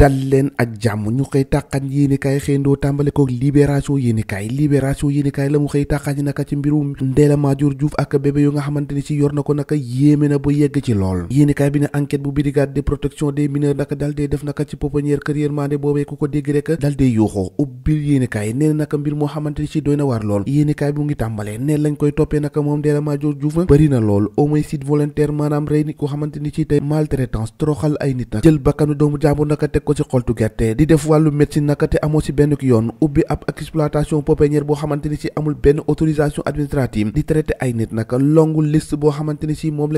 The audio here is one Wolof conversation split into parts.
dal leen ak jàmm ñu xëy tàqan yéenikaay xëyndoo tàmbale ko libération yéenikaay libération yéenikaay la xëy tàqan naka ci mbirum Ndella Madior ak bébé yu nga xamante ni yor naka yéeme naka ci pouponnière Kër Yërmande boobee ku ko dégg rek dal dee yuuxoo ubbil yéenikaay nee naka mbir moo xamante ni doy na waar lool yéenikaay bi mu ngi tàmbalee ne lañ koy toppee naka moom Ndella Madior Diouf bëri na lool homicide volontaire maanaam rey ko ci xoltu gerte di def wàllu médecine naka te amoo ci benn yoon ubbi ab exploitation pépinière boo xamante ni ci amul benn autorisation administrative di traité ay nit moom la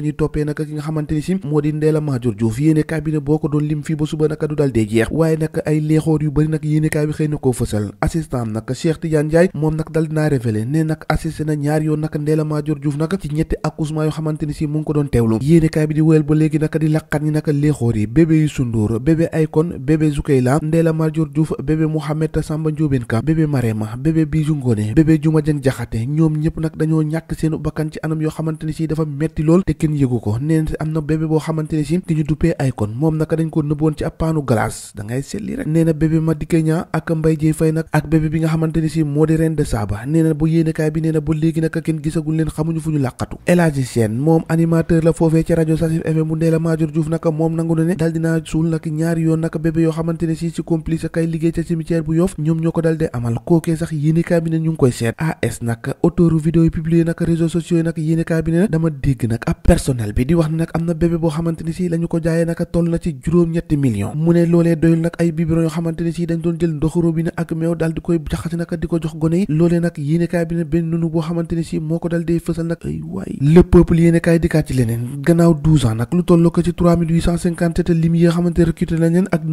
ñuy toppee naka ki nga xamante ni di Ndella Madior Diouf yéene kaay bi ne boo ko doon lim fii ba suba naka du dal jeex waaye naka ay léexoor yu bëri nag yéene kaay bi xëy na koo fësal assistant naka Cheikh Tidiane Ndiaye moom nag dal dinaa révélé ne nag assisté na ñaar yoon naka Ndella Madior Diouf naka ci ñetti accouchement yoo xamante ni ci mu ko doon teewlu yéene kaay bi di wéyal ba léegi naka di laqat ñi naka léexoor yi bébé yu sunduur bébé ay kon bébé Zoukeyla Ndella Madior Diouf bébé Mouhamed Samba Ndiobène Ka bébé Marema bébé Bijou Ngoné bébé Jumajeen Jaxate ñoom ñëpp nag dañoo ñàkk seenu bakkan ci anam yoo xamante ne si dafa metti lool te kenn yëgu ko nee na na bébé boo xamante ne si ki ñu moom naka dañ ko nëbboon ci ab paanu glace da ngay seetli rek nee na bébé Madické ak Mbaye bi nga xamante ne si moo di Reine de Saba nee na bu yéenekaay bi nee na léegi nag kenn gisagul leen xamuñu fu ñu làqatu El Hadji Sène moom animateur la foofee ci rajo Sasif FM bu Ndella moom nangu na ne dal dinaa suul nag ñaari yoon nag taalibe yoo xamante ne si ci complice kay liggéey ca cimetière bu Yoff ñoom ñoo ko dal de amal kookee sax yéenekaay bi ne ñu ngi koy seet AS nag auteur vidéo yi publié nag réseaux sociaux yi nag yéenekaay bi ne dama dégg nag ab personnel bi di wax ne nag am na bébé boo xamante ne si la ñu ko jaayee nag toll na ci juróom-ñetti millions mu ne loolee doyul nag ay biberon yoo xamante ne si dañ doon jël ndoxu robinet ak meew daal di koy jaxasi nag di ko jox gone yi loolee nag yéenekaay bi ne benn nunu boo xamante ne si moo ko dal dee fësal nag ay waay le peuple yéenekaay dikkaat ci leneen gannaaw 12 ans nag lu tolloo ko ci 3857 lim yi nga xamante recruté nañ leen ak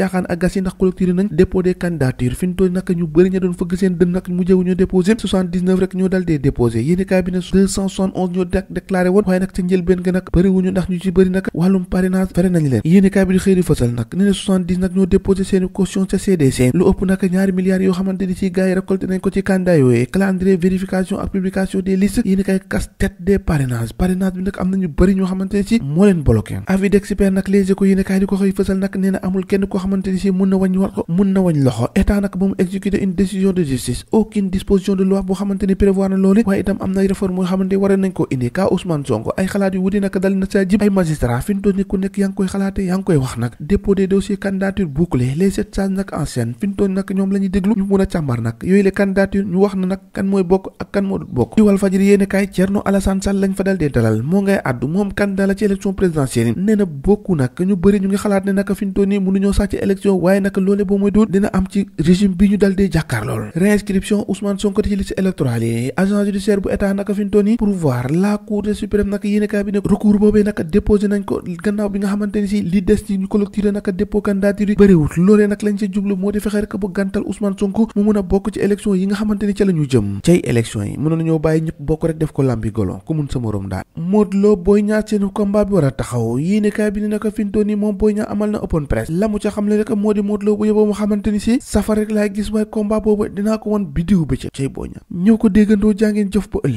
caaxaan ak gas yi ndax collecté nañ dépôt des candidatures fi ñu toll ñu bëri ña doon fëgg seen dën nag mujjee wu ñu déposé 79 rek ñoo dal ñoo dak woon waaye nag ca njëlbeen ga nag bëri ndax ñu ci bëri nag wàllum parrainage fere nañ leen yéeni bi di xëy di fësal nag ne ne 70 ñoo déposé seeni caution ca CDC lu ëpp nag ñaari milliards yoo xamante ni ci gars yi récolté ko ci candidat yooyu calendrier vérification xamante mun na wañ loxo état nag ba mu exécuter une décision de justice aucune disposition de loi boo xamante ni prévoir na loolu waaye itam am na réforme yoo xamante ni war nañ koo indi kaa Ousmane Sonko ay xalaat yu wuti nag dal na sa jib ay magistrat fi ni ku nekk yaa ngi koy xalaate yaa ngi koy wax nag dépôt des dossiers candidature bouclé les sept sages nag anciennes fi nag ñoom la déglu ñu mun a càmbar nag yooyu la candidature ñu wax élection waaye nag loolee boo mooy doon dina am ci régime bi ñu dal dee jàkkaar lool réinscription Ousmane Sonko ci liste si li yi bëriwut jublu moo di fexe rek bu gàntal Ousmane Sonko mu mun a bokk ci élection yi nga xamante ca la jëm cay élection yi mënoon nañoo bàyyi ñëpp bokk rek def ko làmbi golo ku mun sa morom daal Modou Lo Boy Niang seen combat bi war a taxaw yéene bi ne naka fi ñu moom Boy Niang amal na open press la ca xam la rek moo di Modou Lo bu yóbboo mu xamante ni si safar rek laay gis waaye combat boobu dinaa ko won bidiw bëccëg cey booña ñëw ko déggandoo jàngeen jëf ba ëllëg